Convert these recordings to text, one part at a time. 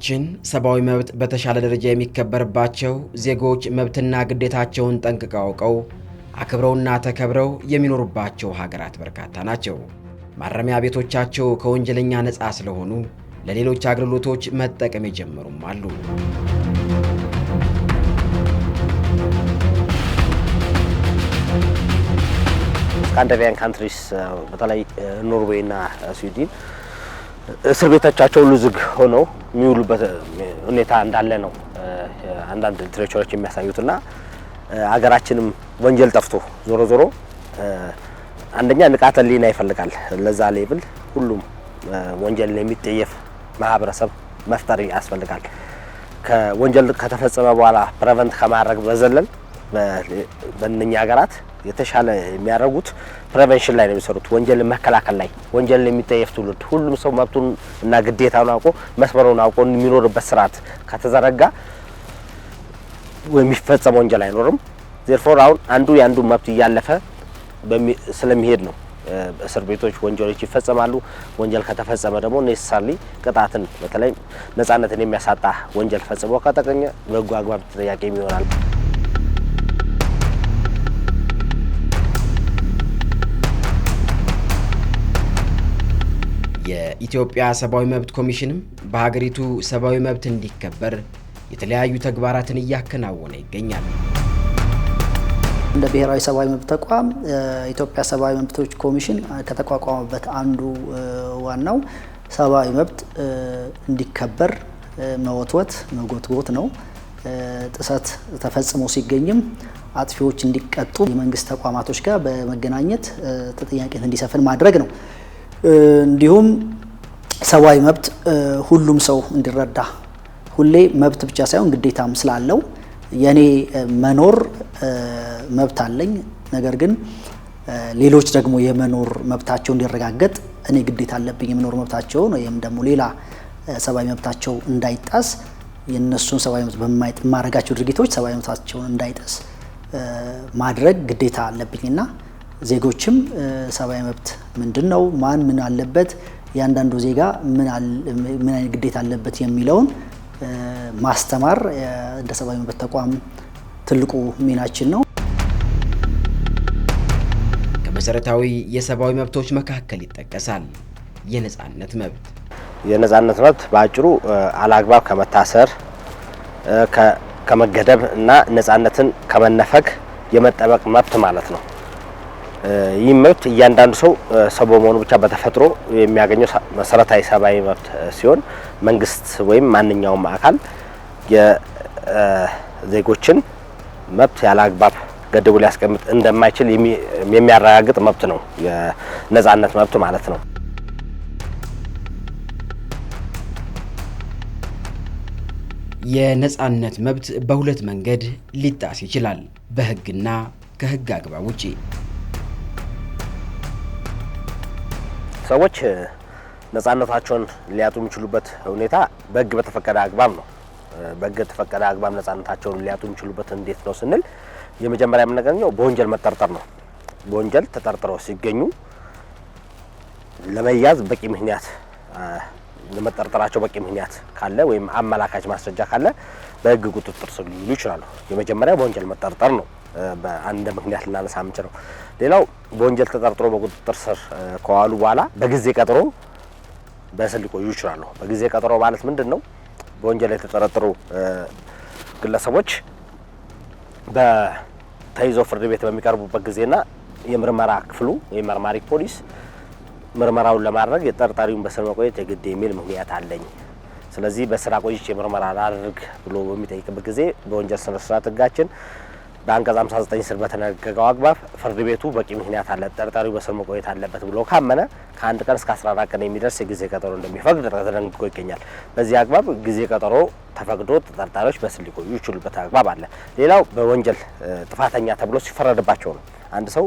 ሀገራችን ሰብአዊ መብት በተሻለ ደረጃ የሚከበርባቸው ዜጎች መብትና ግዴታቸውን ጠንቅቀው አውቀው አክብረውና ተከብረው የሚኖሩባቸው ሀገራት በርካታ ናቸው። ማረሚያ ቤቶቻቸው ከወንጀለኛ ነፃ ስለሆኑ ለሌሎች አገልግሎቶች መጠቀም የጀመሩም አሉ። ስካንዳቪያን ካንትሪስ በተለይ ኖርዌይና ስዊድን እስር ቤቶቻቸው ሁሉ ዝግ ሆነው የሚውሉበት ሁኔታ እንዳለ ነው አንዳንድ ትሬቸሮች የሚያሳዩት እና አገራችንም ወንጀል ጠፍቶ ዞሮ ዞሮ አንደኛ ንቃተ ሊና ይፈልጋል። ለዛ ሌብል ሁሉም ወንጀል የሚጠየፍ ማህበረሰብ መፍጠር ያስፈልጋል። ከወንጀል ከተፈጸመ በኋላ ፕሬቨንት ከማድረግ በዘለን በእነኛ ሀገራት የተሻለ የሚያደርጉት ፕሬቨንሽን ላይ ነው የሚሰሩት፣ ወንጀል መከላከል ላይ ወንጀል የሚጠየፍ ትውልድ ሁሉም ሰው መብቱን እና ግዴታውን አውቆ መስመሩን አውቆ የሚኖርበት ስርዓት ከተዘረጋ የሚፈጸም ወንጀል አይኖርም። ዜርፎር አሁን አንዱ የአንዱ መብት እያለፈ ስለሚሄድ ነው እስር ቤቶች ወንጀሎች ይፈጸማሉ። ወንጀል ከተፈጸመ ደግሞ ኔሳሊ ቅጣትን በተለይ ነጻነትን የሚያሳጣ ወንጀል ፈጽሞ ከተገኘ በህጉ አግባብ ተጠያቂ ይሆናል። የኢትዮጵያ ሰብአዊ መብት ኮሚሽንም በሀገሪቱ ሰብአዊ መብት እንዲከበር የተለያዩ ተግባራትን እያከናወነ ይገኛል። እንደ ብሔራዊ ሰብአዊ መብት ተቋም የኢትዮጵያ ሰብአዊ መብቶች ኮሚሽን ከተቋቋመበት አንዱ ዋናው ሰብአዊ መብት እንዲከበር መወትወት፣ መጎትጎት ነው። ጥሰት ተፈጽሞ ሲገኝም አጥፊዎች እንዲቀጡ የመንግስት ተቋማቶች ጋር በመገናኘት ተጠያቂነት እንዲሰፍን ማድረግ ነው። እንዲሁም ሰብአዊ መብት ሁሉም ሰው እንዲረዳ ሁሌ መብት ብቻ ሳይሆን ግዴታም ስላለው የእኔ መኖር መብት አለኝ፣ ነገር ግን ሌሎች ደግሞ የመኖር መብታቸው እንዲረጋገጥ እኔ ግዴታ አለብኝ የመኖር መብታቸውን ወይም ደግሞ ሌላ ሰብአዊ መብታቸው እንዳይጣስ የእነሱን ሰብአዊ መብት የማረጋቸው ድርጊቶች ሰብአዊ መብታቸውን እንዳይጣስ ማድረግ ግዴታ አለብኝና ዜጎችም ሰብአዊ መብት ምንድን ነው፣ ማን ምን አለበት የአንዳንዱ ዜጋ ምን አይነት ግዴታ አለበት የሚለውን ማስተማር እንደ ሰብአዊ መብት ተቋም ትልቁ ሚናችን ነው። ከመሰረታዊ የሰብአዊ መብቶች መካከል ይጠቀሳል የነጻነት መብት። የነጻነት መብት በአጭሩ አላግባብ ከመታሰር ከመገደብ እና ነጻነትን ከመነፈግ የመጠበቅ መብት ማለት ነው። ይህ መብት እያንዳንዱ ሰው ሰው በመሆኑ ብቻ በተፈጥሮ የሚያገኘው መሰረታዊ ሰብአዊ መብት ሲሆን መንግስት ወይም ማንኛውም አካል የዜጎችን መብት ያለ አግባብ ገድቡ ሊያስቀምጥ እንደማይችል የሚያረጋግጥ መብት ነው፣ የነጻነት መብት ማለት ነው። የነጻነት መብት በሁለት መንገድ ሊጣስ ይችላል፣ በህግና ከህግ አግባብ ውጪ። ሰዎች ነጻነታቸውን ሊያጡ የሚችሉበት ሁኔታ በህግ በተፈቀደ አግባብ ነው። በህግ በተፈቀደ አግባብ ነጻነታቸውን ሊያጡ የሚችሉበት እንዴት ነው ስንል የመጀመሪያ የምናገኘው በወንጀል መጠርጠር ነው። በወንጀል ተጠርጥረው ሲገኙ ለመያዝ በቂ ምክንያት ለመጠርጠራቸው በቂ ምክንያት ካለ ወይም አመላካች ማስረጃ ካለ በህግ ቁጥጥር ስር ሊውሉ ይችላሉ። የመጀመሪያ በወንጀል መጠርጠር ነው። በአንድ ምክንያት ልናነሳ የምንችለው። ሌላው በወንጀል ተጠርጥሮ በቁጥጥር ስር ከዋሉ በኋላ በጊዜ ቀጠሮ በእስር ሊቆዩ ይችላሉ። በጊዜ ቀጠሮ ማለት ምንድን ነው? በወንጀል የተጠረጠሩ ግለሰቦች በተይዞ ፍርድ ቤት በሚቀርቡበት ጊዜና የምርመራ ክፍሉ የመርማሪ ፖሊስ ምርመራውን ለማድረግ የጠርጣሪውን በስር መቆየት የግድ የሚል ምክንያት አለኝ ስለዚህ በስራ ቆይቼ ምርመራ ላድርግ ብሎ በሚጠይቅበት ጊዜ በወንጀል ስነስርዓት ስርዓት በአንቀጽ 59 ስር በተነገገው አግባብ ፍርድ ቤቱ በቂ ምክንያት አለ፣ ተጠርጣሪው በእስር መቆየት አለበት ብሎ ካመነ ከአንድ ቀን እስከ 14 ቀን የሚደርስ የጊዜ ቀጠሮ እንደሚፈቅድ ተደንግጎ ይገኛል። በዚህ አግባብ ጊዜ ቀጠሮ ተፈቅዶ ተጠርጣሪዎች በእስር ሊቆዩ ይችሉበት አግባብ አለ። ሌላው በወንጀል ጥፋተኛ ተብሎ ሲፈረድባቸው ነው። አንድ ሰው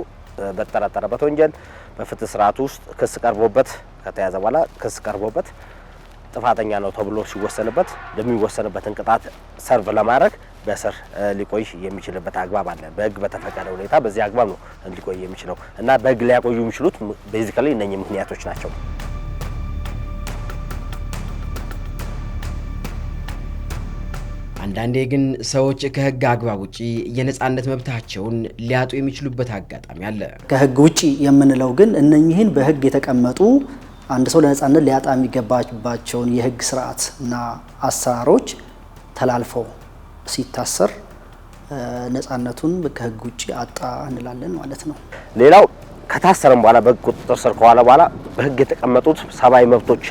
በተጠረጠረበት ወንጀል በፍትህ ስርዓቱ ውስጥ ክስ ቀርቦበት ከተያዘ በኋላ ክስ ቀርቦበት ጥፋተኛ ነው ተብሎ ሲወሰንበት የሚወሰንበትን ቅጣት ሰርቭ ለማድረግ በስር ሊቆይ የሚችልበት አግባብ አለ። በህግ በተፈቀደ ሁኔታ በዚህ አግባብ ነው ሊቆይ የሚችለው እና በህግ ሊያቆዩ የሚችሉት ቤዚካሊ እነኚህ ምክንያቶች ናቸው። አንዳንዴ ግን ሰዎች ከህግ አግባብ ውጪ የነጻነት መብታቸውን ሊያጡ የሚችሉበት አጋጣሚ አለ። ከህግ ውጪ የምንለው ግን እነኚህን በህግ የተቀመጡ አንድ ሰው ለነጻነት ሊያጣ የሚገባባቸውን የህግ ስርዓት እና አሰራሮች ተላልፈው ሲታሰር ነፃነቱን ከህግ ውጭ አጣ እንላለን ማለት ነው። ሌላው ከታሰረም በኋላ በህግ ቁጥጥር ስር ከዋለ በኋላ በህግ የተቀመጡት ሰብአዊ መብቶች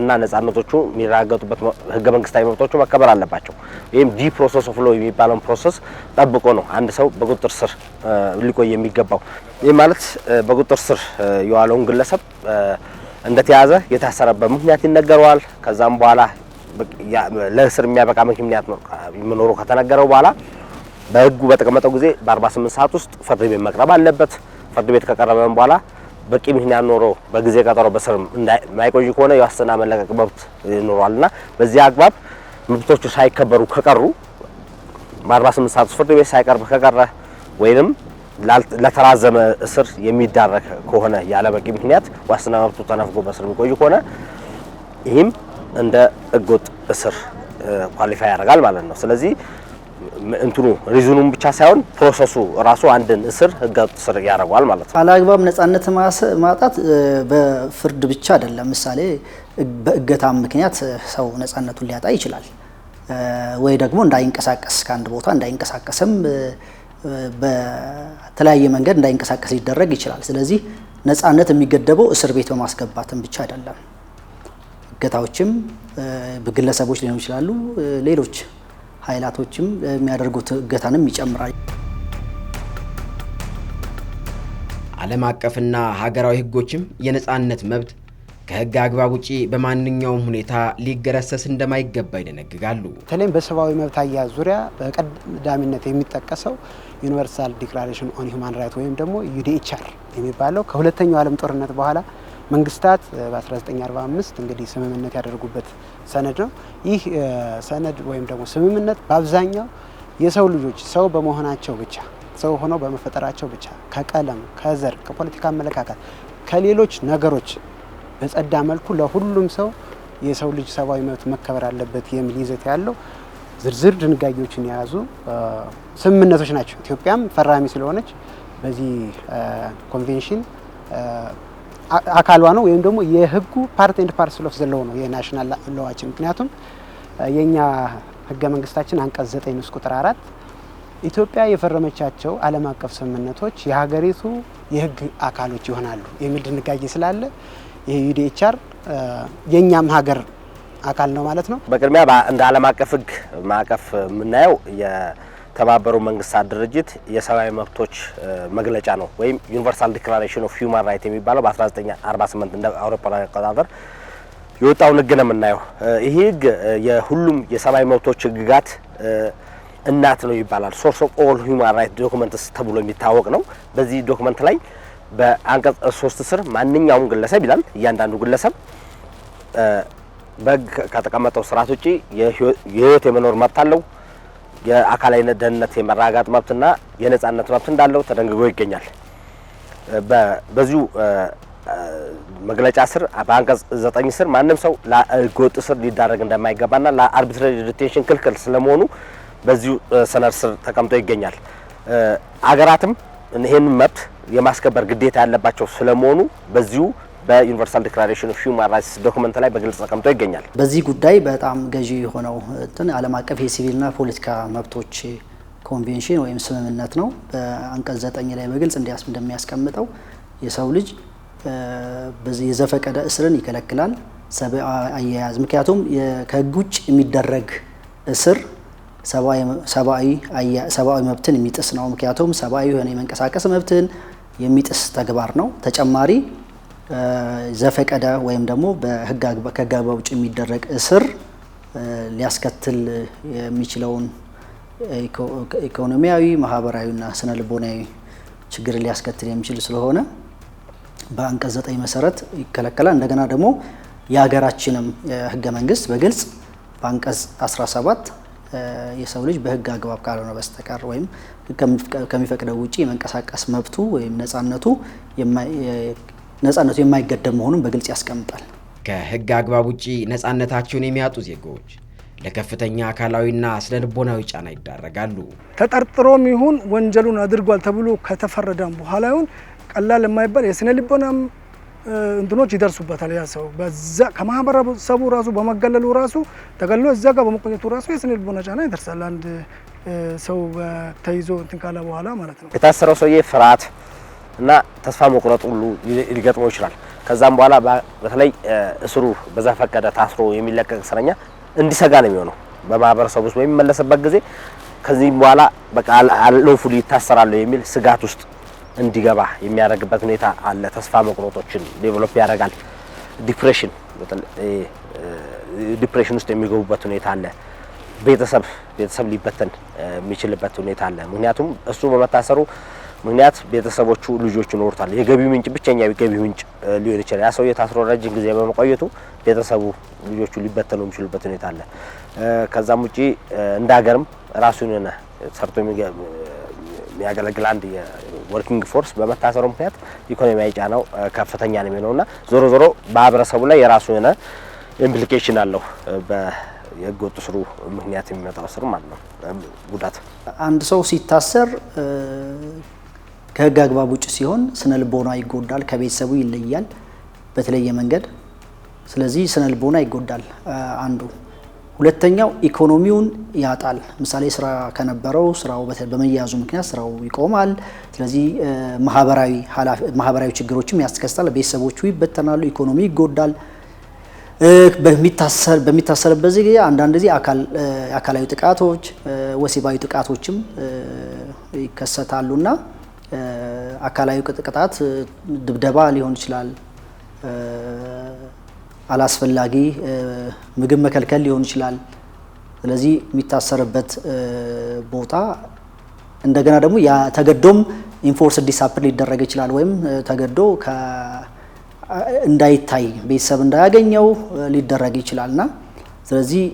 እና ነጻነቶቹ የሚረጋገጡበት ህገ መንግስታዊ መብቶቹ መከበር አለባቸው። ይህም ዲ ፕሮሰስ ኦፍ ሎ የሚባለውን ፕሮሰስ ጠብቆ ነው አንድ ሰው በቁጥጥር ስር ሊቆይ የሚገባው። ይህ ማለት በቁጥጥር ስር የዋለውን ግለሰብ እንደተያዘ የታሰረበት ምክንያት ይነገረዋል። ከዛም በኋላ ለእስር የሚያበቃ ምክንያት መኖሩ ከተነገረው በኋላ በህጉ በተቀመጠው ጊዜ በ48 ሰዓት ውስጥ ፍርድ ቤት መቅረብ አለበት። ፍርድ ቤት ከቀረበም በኋላ በቂ ምክንያት ኖሮ በጊዜ ቀጠሮ በስር ማይቆይ ከሆነ የዋስትና መለቀቅ መብት ይኖረዋል ይኖረዋልና በዚህ አግባብ መብቶቹ ሳይከበሩ ከቀሩ በ48 ሰዓት ውስጥ ፍርድ ቤት ሳይቀርብ ከቀረ ወይንም ለተራዘመ እስር የሚዳረግ ከሆነ ያለ በቂ ምክንያት ዋስትና መብቱ ተነፍጎ በስር የሚቆይ ከሆነ ይህም እንደ ህገወጥ እስር ኳሊፋይ ያደርጋል ማለት ነው። ስለዚህ እንትኑ ሪዝኑም ብቻ ሳይሆን ፕሮሰሱ ራሱ አንድን እስር ህገወጥ እስር ያደርገዋል ማለት ነው። አላግባብ ነጻነት ማጣት በፍርድ ብቻ አይደለም። ምሳሌ በእገታም ምክንያት ሰው ነጻነቱን ሊያጣ ይችላል። ወይ ደግሞ እንዳይንቀሳቀስ ከአንድ ቦታ እንዳይንቀሳቀስም በተለያየ መንገድ እንዳይንቀሳቀስ ሊደረግ ይችላል። ስለዚህ ነጻነት የሚገደበው እስር ቤት በማስገባትም ብቻ አይደለም። እገታዎችም በግለሰቦች ሊሆኑ ይችላሉ፣ ሌሎች ኃይላቶችም የሚያደርጉት እገታንም ይጨምራል። ዓለም አቀፍና ሀገራዊ ህጎችም የነፃነት መብት ከህግ አግባብ ውጪ በማንኛውም ሁኔታ ሊገረሰስ እንደማይገባ ይደነግጋሉ። በተለይም በሰብአዊ መብት አያያዝ ዙሪያ በቀዳሚነት የሚጠቀሰው ዩኒቨርሳል ዲክላሬሽን ኦን ሂውማን ራይት ወይም ደግሞ ዩዲኤችአር የሚባለው ከሁለተኛው ዓለም ጦርነት በኋላ መንግስታት በ1945 እንግዲህ ስምምነት ያደርጉበት ሰነድ ነው። ይህ ሰነድ ወይም ደግሞ ስምምነት በአብዛኛው የሰው ልጆች ሰው በመሆናቸው ብቻ ሰው ሆነው በመፈጠራቸው ብቻ ከቀለም፣ ከዘር፣ ከፖለቲካ አመለካከት፣ ከሌሎች ነገሮች በጸዳ መልኩ ለሁሉም ሰው የሰው ልጅ ሰብአዊ መብት መከበር አለበት የሚል ይዘት ያለው ዝርዝር ድንጋጌዎችን የያዙ ስምምነቶች ናቸው። ኢትዮጵያም ፈራሚ ስለሆነች በዚህ ኮንቬንሽን አካሏ ነው ወይም ደግሞ የህጉ ፓርት ኤንድ ፓርስል ኦፍ ዘለው ነው የናሽናል ሎዋችን። ምክንያቱም የእኛ ህገ መንግስታችን አንቀጽ ዘጠኝ ንዑስ ቁጥር አራት ኢትዮጵያ የፈረመቻቸው ዓለም አቀፍ ስምምነቶች የሀገሪቱ የህግ አካሎች ይሆናሉ የሚል ድንጋጌ ስላለ ይህ ዩዲኤችአር የእኛም ሀገር አካል ነው ማለት ነው። በቅድሚያ እንደ ዓለም አቀፍ ህግ ማዕቀፍ የምናየው የተባበሩ መንግስታት ድርጅት የሰብአዊ መብቶች መግለጫ ነው ወይም ዩኒቨርሳል ዲክላሬሽን ኦፍ ሁማን ራይት የሚባለው በ1948 እንደ አውሮፓውያን አቆጣጠር የወጣውን ህግ ነው የምናየው። ይህ ህግ የሁሉም የሰብአዊ መብቶች ህግጋት እናት ነው ይባላል። ሶርስ ኦፍ ኦል ሁማን ራይት ዶክመንትስ ተብሎ የሚታወቅ ነው። በዚህ ዶክመንት ላይ በአንቀጽ ሶስት ስር ማንኛውም ግለሰብ ይላል እያንዳንዱ ግለሰብ በህግ ከተቀመጠው ስርዓት ውጪ የህይወት የመኖር መብት አለው የአካላዊነት ደህንነት የመረጋጋት መብትና የነጻነት መብት እንዳለው ተደንግጎ ይገኛል። በዚሁ መግለጫ ስር በአንቀጽ ዘጠኝ ስር ማንም ሰው ለህገወጥ ስር ሊዳረግ እንደማይገባና ለአርቢትራሪ ዲቴንሽን ክልክል ስለመሆኑ በዚሁ ሰነድ ስር ተቀምጦ ይገኛል። አገራትም ይህንን መብት የማስከበር ግዴታ ያለባቸው ስለመሆኑ በዚሁ በዩኒቨርሳል ዲክላሬሽን ኦፍ ሁማን ራይትስ ዶክመንት ላይ በግልጽ ተቀምጦ ይገኛል። በዚህ ጉዳይ በጣም ገዢ የሆነው እንትን ዓለም አቀፍ የሲቪልና ፖለቲካ መብቶች ኮንቬንሽን ወይም ስምምነት ነው። በአንቀጽ ዘጠኝ ላይ በግልጽ እንዲያስ እንደሚያስቀምጠው የሰው ልጅ የዘፈቀደ እስርን ይከለክላል። አያያዝ ምክንያቱም ከህግ ውጭ የሚደረግ እስር ሰብአዊ መብትን የሚጥስ ነው። ምክንያቱም ሰብአዊ የሆነ የመንቀሳቀስ መብትን የሚጥስ ተግባር ነው። ተጨማሪ ዘፈቀደ ወይም ደግሞ ከሕግ ውጭ የሚደረግ እስር ሊያስከትል የሚችለውን ኢኮኖሚያዊ፣ ማህበራዊና ስነ ልቦናዊ ችግር ሊያስከትል የሚችል ስለሆነ በአንቀጽ ዘጠኝ መሰረት ይከለከላል። እንደገና ደግሞ የሀገራችንም ህገ መንግስት በግልጽ በአንቀጽ 17 የሰው ልጅ በህግ አግባብ ካልሆነ በስተቀር ወይም ከሚፈቅደው ውጭ የመንቀሳቀስ መብቱ ወይም ነጻነቱ ነጻነቱ የማይገደብ መሆኑን በግልጽ ያስቀምጣል። ከህግ አግባብ ውጪ ነፃነታቸውን የሚያጡ ዜጎች ለከፍተኛ አካላዊና ስነ ልቦናዊ ጫና ይዳረጋሉ። ተጠርጥሮም ይሁን ወንጀሉን አድርጓል ተብሎ ከተፈረደም በኋላ ይሁን ቀላል የማይባል የስነ ልቦናም እንትኖች ይደርሱበታል። ያ ሰው በዛ ከማህበረሰቡ ራሱ በመገለሉ ራሱ ተገሎ እዛ ጋር በመቆየቱ ራሱ የስነ ልቦና ጫና ይደርሳል። አንድ ሰው ተይዞ እንትን ካለ በኋላ ማለት ነው። የታሰረው ሰውዬ ፍርሃት እና ተስፋ መቁረጥ ሁሉ ሊገጥመው ይችላል። ከዛም በኋላ በተለይ እስሩ በዘፈቀደ ታስሮ የሚለቀቅ እስረኛ እንዲሰጋ ነው የሚሆነው። በማህበረሰቡ ውስጥ በሚመለስበት ጊዜ ከዚህም በኋላ በቃ አለፉ ይታሰራለሁ የሚል ስጋት ውስጥ እንዲገባ የሚያደርግበት ሁኔታ አለ። ተስፋ መቁረጦችን ዴቨሎፕ ያደርጋል። ዲፕሬሽን ዲፕሬሽን ውስጥ የሚገቡበት ሁኔታ አለ። ቤተሰብ ቤተሰብ ሊበተን የሚችልበት ሁኔታ አለ። ምክንያቱም እሱ በመታሰሩ ምክንያት ቤተሰቦቹ ልጆች ይኖሩታል። የገቢ ምንጭ ብቸኛ ገቢ ምንጭ ሊሆን ይችላል። ያ ሰውዬ ታስሮ ረጅም ጊዜ በመቆየቱ ቤተሰቡ ልጆቹ ሊበተኑ የሚችሉበት ሁኔታ አለ። ከዛም ውጪ እንደ ሀገርም ራሱን የሆነ ሰርቶ የሚያገለግል አንድ የወርኪንግ ፎርስ በመታሰሩ ምክንያት ኢኮኖሚያዊ ጫናው ከፍተኛ ነው የሚሆነውና ዞሮ ዞሮ ማህበረሰቡ ላይ የራሱ የሆነ ኢምፕሊኬሽን አለው የህገወጥ ስሩ ምክንያት የሚመጣው ስር ማለት ነው ጉዳት አንድ ሰው ሲታሰር ከህግ አግባብ ውጭ ሲሆን ስነ ልቦና ይጎዳል፣ ከቤተሰቡ ይለያል በተለየ መንገድ። ስለዚህ ስነ ልቦና ይጎዳል አንዱ። ሁለተኛው ኢኮኖሚውን ያጣል። ምሳሌ ስራ ከነበረው ስራው በመያዙ ምክንያት ስራው ይቆማል። ስለዚህ ማህበራዊ ችግሮችም ያስከስታል። ቤተሰቦቹ ይበተናሉ፣ ኢኮኖሚ ይጎዳል። በሚታሰርበት ጊዜ አንዳንድ ጊዜ አካላዊ ጥቃቶች፣ ወሲባዊ ጥቃቶችም ይከሰታሉና አካላዊ ቅጥቅጣት ድብደባ ሊሆን ይችላል። አላስፈላጊ ምግብ መከልከል ሊሆን ይችላል። ስለዚህ የሚታሰርበት ቦታ እንደገና ደግሞ ተገዶም ኢንፎርስ ዲሳፕር ሊደረግ ይችላል ወይም ተገዶ እንዳይታይ ቤተሰብ እንዳያገኘው ሊደረግ ይችላል እና ስለዚህ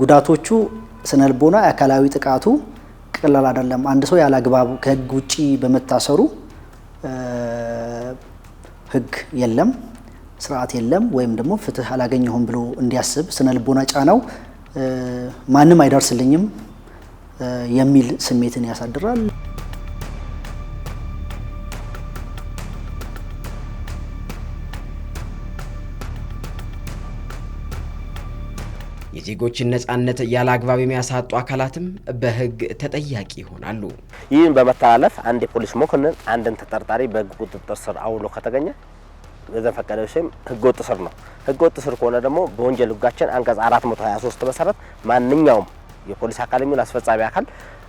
ጉዳቶቹ ስነልቦና፣ አካላዊ ጥቃቱ ቀላል አይደለም። አንድ ሰው ያለ አግባብ ከህግ ውጪ በመታሰሩ ህግ የለም፣ ስርዓት የለም፣ ወይም ደግሞ ፍትህ አላገኘሁም ብሎ እንዲያስብ ስነ ልቦና ጫናው ማንም አይደርስልኝም የሚል ስሜትን ያሳድራል። የዜጎችን ነጻነት ያለ አግባብ የሚያሳጡ አካላትም በህግ ተጠያቂ ይሆናሉ። ይህም በመተላለፍ አንድ የፖሊስ መኮንን አንድን ተጠርጣሪ በህግ ቁጥጥር ስር አውሎ ከተገኘ በዘፈቀደ ስም ወጥ ስር ነው። ወጥ ስር ከሆነ ደግሞ በወንጀል ህጋችን አንቀጽ 423 መሰረት ማንኛውም የፖሊስ አካል የሚሆን አስፈጻሚ አካል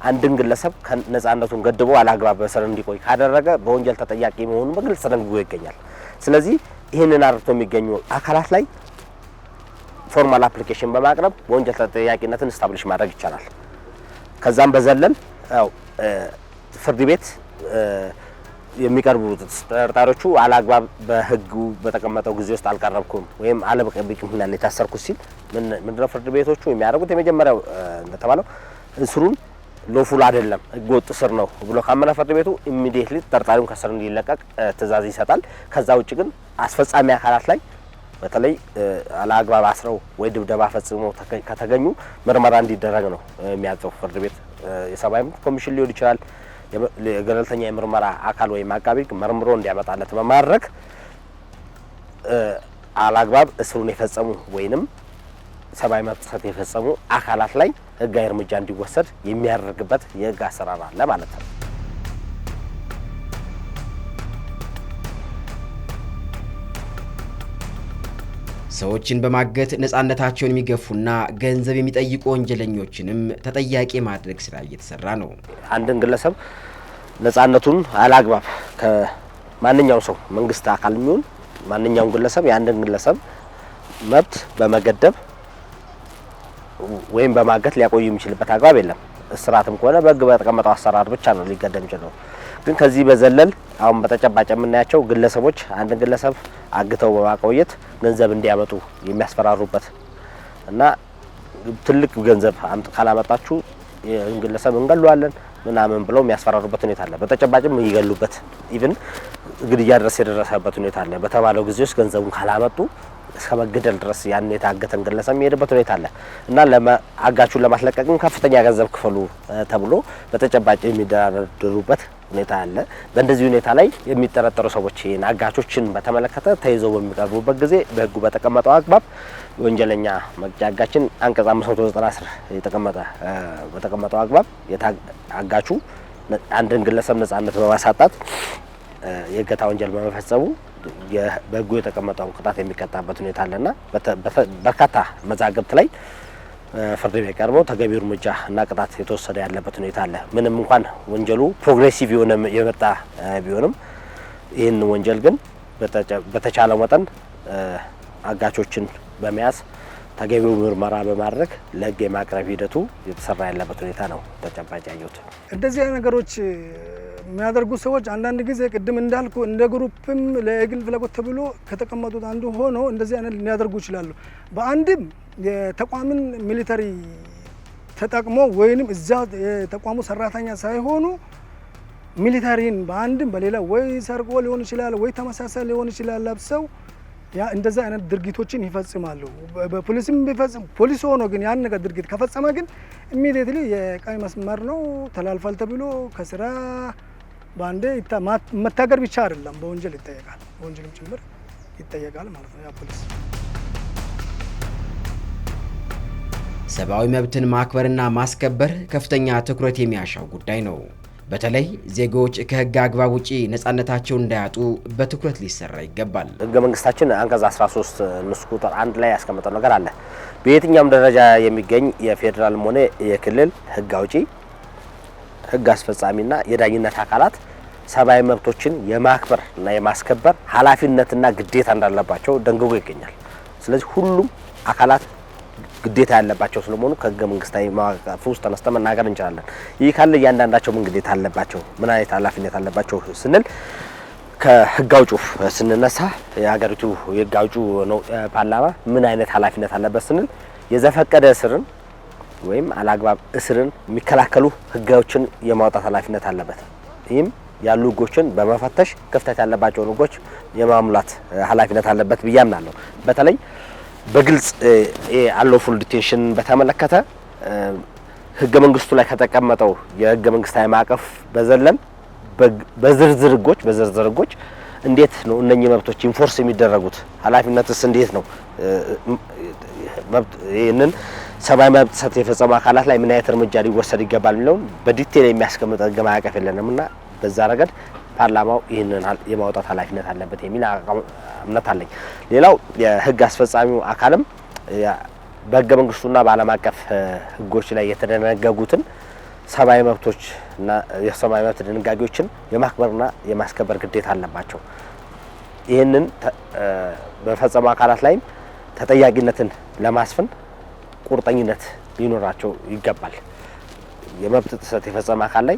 አንድን ግለሰብ ነጻነቱን ገድቦ አላግባብ በስር እንዲቆይ ካደረገ በወንጀል ተጠያቂ መሆኑ በግልጽ ተደንግጎ ይገኛል። ስለዚህ ይህንን አርቶ የሚገኙ አካላት ላይ ፎርማል አፕሊኬሽን በማቅረብ ወንጀል ተጠያቂነትን ስታብሊሽ ማድረግ ይቻላል። ከዛም በዘለን ያው ፍርድ ቤት የሚቀርቡ ተጠርጣሪዎቹ አላግባብ በህግ በተቀመጠው ጊዜ ውስጥ አልቀረብኩም ወይም አለበቂ ምክንያት የታሰርኩት ሲል ምንድነው ፍርድ ቤቶቹ የሚያደርጉት የመጀመሪያው እንደተባለው እስሩን ሎፉል አይደለም ሕገ ወጥ እስር ነው ብሎ ካመነ ፍርድ ቤቱ ኢሚዲየትሊ ተጠርጣሪውን ከእስር እንዲለቀቅ ትዕዛዝ ይሰጣል። ከዛ ውጭ ግን አስፈጻሚ አካላት ላይ በተለይ አለአግባብ አስረው ወይ ድብደባ ፈጽሞ ከተገኙ ምርመራ እንዲደረግ ነው የሚያዘው ፍርድ ቤት። የሰብአዊ መብት ኮሚሽን ሊሆን ይችላል። የገለልተኛ የምርመራ አካል ወይም አቃቢ መርምሮ እንዲያመጣለት በማድረግ አለአግባብ እስሩን የፈጸሙ ወይንም ሰብአዊ መብት ጥሰት የፈጸሙ አካላት ላይ ህጋዊ እርምጃ እንዲወሰድ የሚያደርግበት የህግ አሰራር አለ ማለት ነው። ሰዎችን በማገት ነፃነታቸውን የሚገፉና ገንዘብ የሚጠይቁ ወንጀለኞችንም ተጠያቂ ማድረግ ስራ እየተሰራ ነው። አንድን ግለሰብ ነፃነቱን አላግባብ ከማንኛውም ሰው መንግስት አካል የሚሆን ማንኛውም ግለሰብ የአንድን ግለሰብ መብት በመገደብ ወይም በማገት ሊያቆዩ የሚችልበት አግባብ የለም። እስራትም ከሆነ በህግ በተቀመጠው አሰራር ብቻ ነው ሊገደብ ይችላል። ግን ከዚህ በዘለል አሁን በተጨባጭ የምናያቸው ግለሰቦች አንድን ግለሰብ አግተው በማቆየት ገንዘብ እንዲያመጡ የሚያስፈራሩበት እና ትልቅ ገንዘብ ካላመጣችሁ ግለሰብ እንገሏለን ምናምን ብለው የሚያስፈራሩበት ሁኔታ አለ። በተጨባጭም ይገሉበት ኢቭን ግድያ ድረስ የደረሰበት ሁኔታ አለ። በተባለው ጊዜ ውስጥ ገንዘቡን ካላመጡ እስከ መገደል ድረስ ያን የታገተን ግለሰብ የሚሄድበት ሁኔታ አለ እና አጋቹን ለማስለቀቅም ከፍተኛ ገንዘብ ክፈሉ ተብሎ በተጨባጭ የሚደራደሩበት ሁኔታ አለ። በእንደዚህ ሁኔታ ላይ የሚጠረጠሩ ሰዎችን አጋቾችን በተመለከተ ተይዘው በሚቀርቡበት ጊዜ በህጉ በተቀመጠው አግባብ ወንጀለኛ መቅጫ ሕጋችን አንቀጽ 590 ስር የተቀመጠ በተቀመጠው አግባብ አጋቹ አንድን ግለሰብ ነጻነት በማሳጣት የእገታ ወንጀል በመፈጸሙ በህጉ የተቀመጠውን ቅጣት የሚቀጣበት ሁኔታ አለና በርካታ መዛግብት ላይ ፍርድ ቤት ቀርበው ተገቢ እርምጃ እና ቅጣት የተወሰደ ያለበት ሁኔታ አለ። ምንም እንኳን ወንጀሉ ፕሮግሬሲቭ የሆነ የመጣ ቢሆንም ይህን ወንጀል ግን በተቻለው መጠን አጋቾችን በመያዝ ተገቢው ምርመራ በማድረግ ለህግ የማቅረብ ሂደቱ የተሰራ ያለበት ሁኔታ ነው ተጨባጭ ያየሁት። እንደዚህ አይነት ነገሮች የሚያደርጉ ሰዎች አንዳንድ ጊዜ ቅድም እንዳልኩ እንደ ግሩፕም ለግል ፍላጎት ተብሎ ከተቀመጡት አንዱ ሆኖ እንደዚህ አይነት ሊያደርጉ ይችላሉ። በአንድም የተቋምን ሚሊተሪ ተጠቅሞ ወይንም እዛ የተቋሙ ሰራተኛ ሳይሆኑ ሚሊተሪን በአንድም በሌላ ወይ ሰርቆ ሊሆን ይችላል፣ ወይ ተመሳሳይ ሊሆን ይችላል ለብሰው ያ እንደዛ አይነት ድርጊቶችን ይፈጽማሉ። በፖሊስም ቢፈጽም ፖሊስ ሆኖ ግን ያን ነገር ድርጊት ከፈጸመ ግን ኢሚዲየትሊ የቀይ መስመር ነው ተላልፏል ተብሎ ከስራ በአንዴ መታገድ ብቻ አይደለም፣ በወንጀል ይጠየቃል፣ በወንጀልም ጭምር ይጠየቃል ማለት ነው ያ ፖሊስ ሰብአዊ መብትን ማክበርና ማስከበር ከፍተኛ ትኩረት የሚያሻው ጉዳይ ነው። በተለይ ዜጎች ከህግ አግባብ ውጪ ነጻነታቸውን እንዳያጡ በትኩረት ሊሰራ ይገባል። ህገ መንግስታችን አንቀጽ 13 ንዑስ ቁጥር አንድ ላይ ያስቀመጠው ነገር አለ። በየትኛውም ደረጃ የሚገኝ የፌዴራልም ሆነ የክልል ህግ አውጪ፣ ህግ አስፈጻሚና የዳኝነት አካላት ሰብአዊ መብቶችን የማክበር እና የማስከበር ኃላፊነትና ግዴታ እንዳለባቸው ደንግጎ ይገኛል። ስለዚህ ሁሉም አካላት ግዴታ ያለባቸው ስለመሆኑ ከህገ መንግስታዊ ማዕቀፍ ውስጥ ተነስተ መናገር እንችላለን። ይህ ካለ እያንዳንዳቸው ምን ግዴታ አለባቸው፣ ምን አይነት ኃላፊነት አለባቸው ስንል ከህግ አውጪ ስንነሳ የሀገሪቱ የህግ አውጪ ነው ፓርላማ ምን አይነት ኃላፊነት አለበት ስንል የዘፈቀደ እስርን ወይም አላግባብ እስርን የሚከላከሉ ህጋዎችን የማውጣት ኃላፊነት አለበት። ይህም ያሉ ህጎችን በመፈተሽ ክፍተት ያለባቸውን ህጎች የማሙላት ኃላፊነት አለበት ብዬ አምናለሁ በተለይ በግልጽ ያለው ዲቴንሽን በተመለከተ ህገ መንግስቱ ላይ ከተቀመጠው የህገ መንግስታዊ ማዕቀፍ በዘለን በዝርዝር ህጎች በዝርዝር ህጎች እንዴት ነው እነኚህ መብቶች ኢንፎርስ የሚደረጉት? ኃላፊነትስ እንዴት ነው? ይህንን ሰብአዊ መብት ጥሰት የፈጸሙ አካላት ላይ ምን አይነት እርምጃ ሊወሰድ ይገባል የሚለውን በዲቴል የሚያስቀምጥ ህግ ማዕቀፍ የለንም እና በዛ ረገድ ፓርላማው ይህንን የማውጣት ኃላፊነት አለበት የሚል እምነት አለኝ። ሌላው የህግ አስፈጻሚው አካልም በህገ መንግስቱና በዓለም አቀፍ ህጎች ላይ የተደነገጉትን ሰብአዊ መብቶች እና የሰብአዊ መብት ድንጋጌዎችን የማክበርና የማስከበር ግዴታ አለባቸው። ይህንን በፈጸሙ አካላት ላይም ተጠያቂነትን ለማስፈን ቁርጠኝነት ሊኖራቸው ይገባል። የመብት ጥሰት የፈጸመ አካል ላይ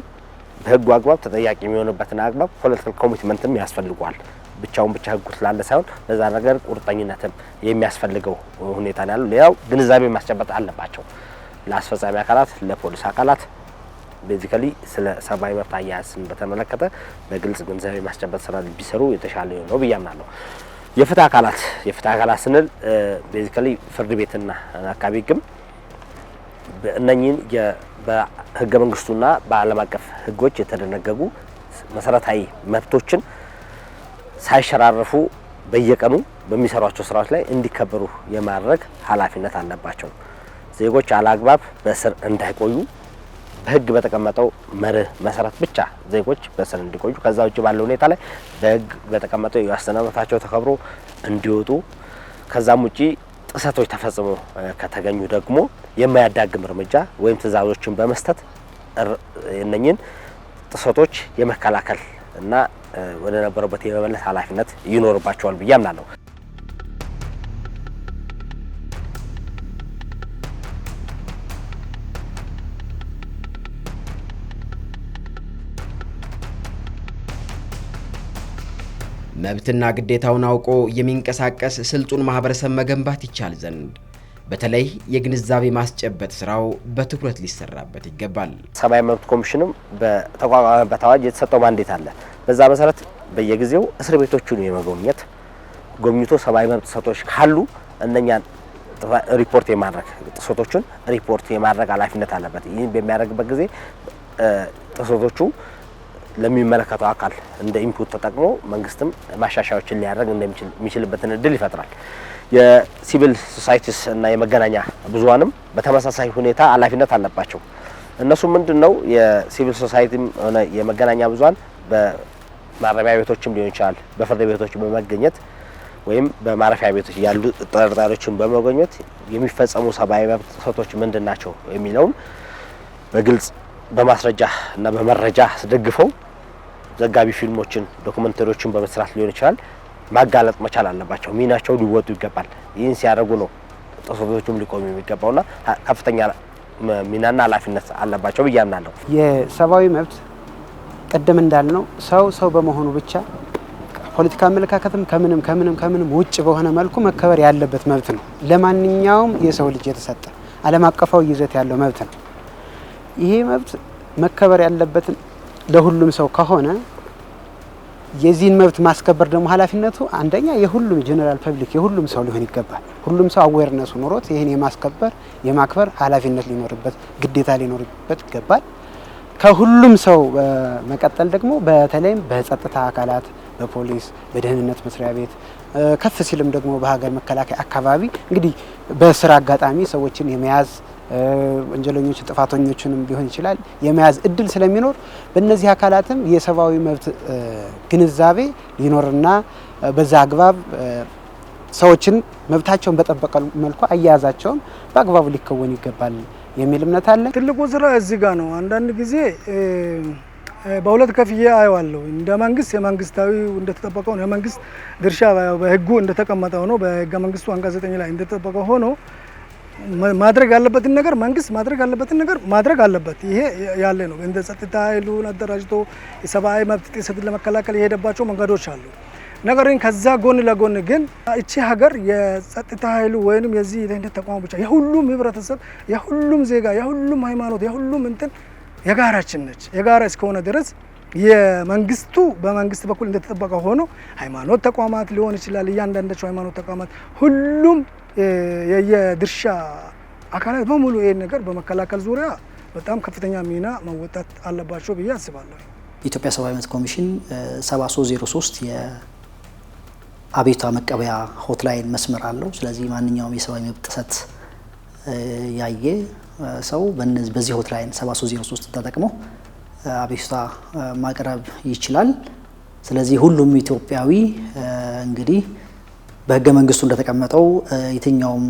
በህጉ አግባብ ተጠያቂ የሚሆንበትን አግባብ ፖለቲካል ኮሚትመንትም ያስፈልጓል። ብቻውን ብቻ ህጉ ስላለ ሳይሆን ለዛ ነገር ቁርጠኝነትም የሚያስፈልገው ሁኔታ ነው ያለው። ሌላው ግንዛቤ ማስጨበጥ አለባቸው ለአስፈጻሚ አካላት፣ ለፖሊስ አካላት ቤዚካሊ ስለ ሰብአዊ መብት አያያዝን በተመለከተ በግልጽ ግንዛቤ ማስጨበጥ ስራ ቢሰሩ የተሻለ ነው ብዬ አምናለሁ። የፍትህ አካላት የፍትህ አካላት ስንል ቤዚካሊ uh, ፍርድ ቤትና አካባቢ ህግም እነኚህን በህገ መንግስቱና በዓለም አቀፍ ህጎች የተደነገጉ መሰረታዊ መብቶችን ሳይሸራረፉ በየቀኑ በሚሰሯቸው ስራዎች ላይ እንዲከበሩ የማድረግ ኃላፊነት አለባቸው። ዜጎች አላግባብ በእስር እንዳይቆዩ በህግ በተቀመጠው መርህ መሰረት ብቻ ዜጎች በእስር እንዲቆዩ፣ ከዛ ውጭ ባለው ሁኔታ ላይ በህግ በተቀመጠው የዋስትና መብታቸው ተከብሮ እንዲወጡ፣ ከዛም ውጭ ጥሰቶች ተፈጽሞ ከተገኙ ደግሞ የማያዳግም እርምጃ ወይም ትዕዛዞችን በመስጠት እነኝን ጥሰቶች የመከላከል እና ወደ ነበረበት የመመለስ ኃላፊነት ይኖርባቸዋል ብዬ አምናለሁ። መብትና ግዴታውን አውቆ የሚንቀሳቀስ ስልጡን ማህበረሰብ መገንባት ይቻል ዘንድ በተለይ የግንዛቤ ማስጨበጥ ስራው በትኩረት ሊሰራበት ይገባል። ሰብአዊ መብት ኮሚሽንም በተቋቋመበት አዋጅ የተሰጠው ማንዴት አለ። በዛ መሰረት በየጊዜው እስር ቤቶቹን የመጎብኘት ጎብኝቶ ሰብአዊ መብት ጥሰቶች ካሉ እነኛን ሪፖርት የማድረግ ጥሰቶቹን ሪፖርት የማድረግ ኃላፊነት አለበት። ይህን በሚያደርግበት ጊዜ ጥሰቶቹ ለሚመለከተው አካል እንደ ኢንፑት ተጠቅሞ መንግስትም ማሻሻያዎችን ሊያደርግ እንደሚችልበትን እድል ይፈጥራል። የሲቪል ሶሳይቲስ እና የመገናኛ ብዙሃንም በተመሳሳይ ሁኔታ ኃላፊነት አለባቸው። እነሱ ምንድን ነው የሲቪል ሶሳይቲም ሆነ የመገናኛ ብዙሀን በማረሚያ ቤቶችም ሊሆን ይችላል በፍርድ ቤቶች በመገኘት ወይም በማረፊያ ቤቶች ያሉ ጠርጣሪዎችን በመገኘት የሚፈጸሙ ሰብአዊ መብት ጥሰቶች ምንድን ናቸው የሚለውን በግልጽ በማስረጃ እና በመረጃ አስደግፈው ዘጋቢ ፊልሞችን ዶክመንተሪዎችን በመስራት ሊሆን ይችላል ማጋለጥ መቻል አለባቸው። ሚናቸው ሊወጡ ይገባል። ይህን ሲያደርጉ ነው ጥሰቶቹም ሊቆሙ የሚገባውና ከፍተኛ ሚናና ኃላፊነት አለባቸው ብዬ አምናለሁ። የሰብአዊ መብት ቅድም እንዳልነው ሰው ሰው በመሆኑ ብቻ ፖለቲካ አመለካከትም ከምንም ከምንም ከምንም ውጭ በሆነ መልኩ መከበር ያለበት መብት ነው። ለማንኛውም የሰው ልጅ የተሰጠ ዓለም አቀፋዊ ይዘት ያለው መብት ነው። ይሄ መብት መከበር ያለበትን ለሁሉም ሰው ከሆነ የዚህን መብት ማስከበር ደግሞ ኃላፊነቱ አንደኛ የሁሉም ጀነራል ፐብሊክ የሁሉም ሰው ሊሆን ይገባል። ሁሉም ሰው አዌርነሱ ኖሮት ይህን የማስከበር የማክበር ኃላፊነት ሊኖርበት ግዴታ ሊኖርበት ይገባል። ከሁሉም ሰው መቀጠል ደግሞ በተለይም በጸጥታ አካላት፣ በፖሊስ፣ በደህንነት መስሪያ ቤት ከፍ ሲልም ደግሞ በሀገር መከላከያ አካባቢ እንግዲህ በስራ አጋጣሚ ሰዎችን የመያዝ ወንጀለኞች ጥፋተኞችንም ሊሆን ይችላል የመያዝ እድል ስለሚኖር በእነዚህ አካላትም የሰብአዊ መብት ግንዛቤ ሊኖርና በዛ አግባብ ሰዎችን መብታቸውን በጠበቀ መልኩ አያያዛቸውን በአግባቡ ሊከወን ይገባል የሚል እምነት አለ። ትልቁ ስራ እዚህ ጋር ነው። አንዳንድ ጊዜ በሁለት ከፍዬ አየዋለሁ። እንደ መንግስት የመንግስታዊ እንደተጠበቀው የመንግስት ድርሻ በህጉ እንደተቀመጠ ሆኖ በህገ መንግስቱ አንቀጽ ዘጠኝ ላይ እንደተጠበቀ ሆኖ ማድረግ ያለበትን ነገር መንግስት ማድረግ ያለበትን ነገር ማድረግ አለበት። ይሄ ያለ ነው። እንደ ጸጥታ ኃይሉን አደራጅቶ የሰብአዊ መብት ጥሰትን ለመከላከል የሄደባቸው መንገዶች አሉ። ነገር ግን ከዛ ጎን ለጎን ግን እቺ ሀገር የጸጥታ ኃይሉ ወይንም የዚህ የደህንነት ተቋሙ ብቻ የሁሉም ህብረተሰብ፣ የሁሉም ዜጋ፣ የሁሉም ሃይማኖት፣ የሁሉም እንትን የጋራችን ነች። የጋራ እስከሆነ ድረስ የመንግስቱ በመንግስት በኩል እንደተጠበቀ ሆኖ ሃይማኖት ተቋማት ሊሆን ይችላል። እያንዳንዳቸው ሃይማኖት ተቋማት ሁሉም የየድርሻ አካላት በሙሉ ይህን ነገር በመከላከል ዙሪያ በጣም ከፍተኛ ሚና መወጣት አለባቸው ብዬ አስባለሁ። የኢትዮጵያ ሰብአዊ መብት ኮሚሽን 7303 የአቤቱታ መቀበያ ሆትላይን መስመር አለው። ስለዚህ ማንኛውም የሰብአዊ መብት ጥሰት ያየ ሰው በዚህ ሆትላይን 7303 ተጠቅሞ አቤቱታ ማቅረብ ይችላል። ስለዚህ ሁሉም ኢትዮጵያዊ እንግዲህ በህገ መንግስቱ እንደተቀመጠው የትኛውም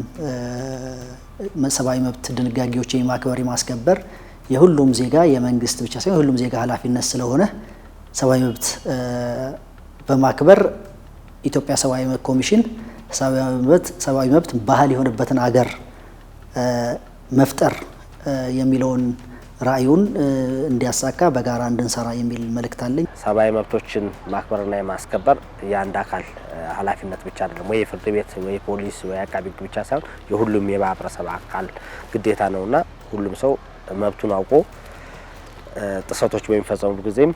ሰብአዊ መብት ድንጋጌዎች የማክበር የማስከበር የሁሉም ዜጋ የመንግስት ብቻ ሳይሆን የሁሉም ዜጋ ኃላፊነት ስለሆነ ሰብአዊ መብት በማክበር ኢትዮጵያ ሰብአዊ መብት ኮሚሽን ሰብአዊ መብት ባህል የሆነበትን አገር መፍጠር የሚለውን ራዕዩን እንዲያሳካ በጋራ እንድንሰራ የሚል መልእክት አለኝ። ሰብአዊ መብቶችን ማክበርና የማስከበር የአንድ አካል ኃላፊነት ብቻ አይደለም፣ ወይ ፍርድ ቤት ወይ ፖሊስ ወይ አቃቢ ሕግ ብቻ ሳይሆን የሁሉም የማህበረሰብ አካል ግዴታ ነውና ሁሉም ሰው መብቱን አውቆ ጥሰቶች በሚፈጸሙ ጊዜም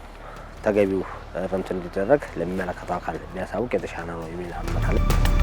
ተገቢው እርምት እንዲደረግ ለሚመለከተው አካል ቢያሳውቅ የተሻለ ነው የሚል አመለካለ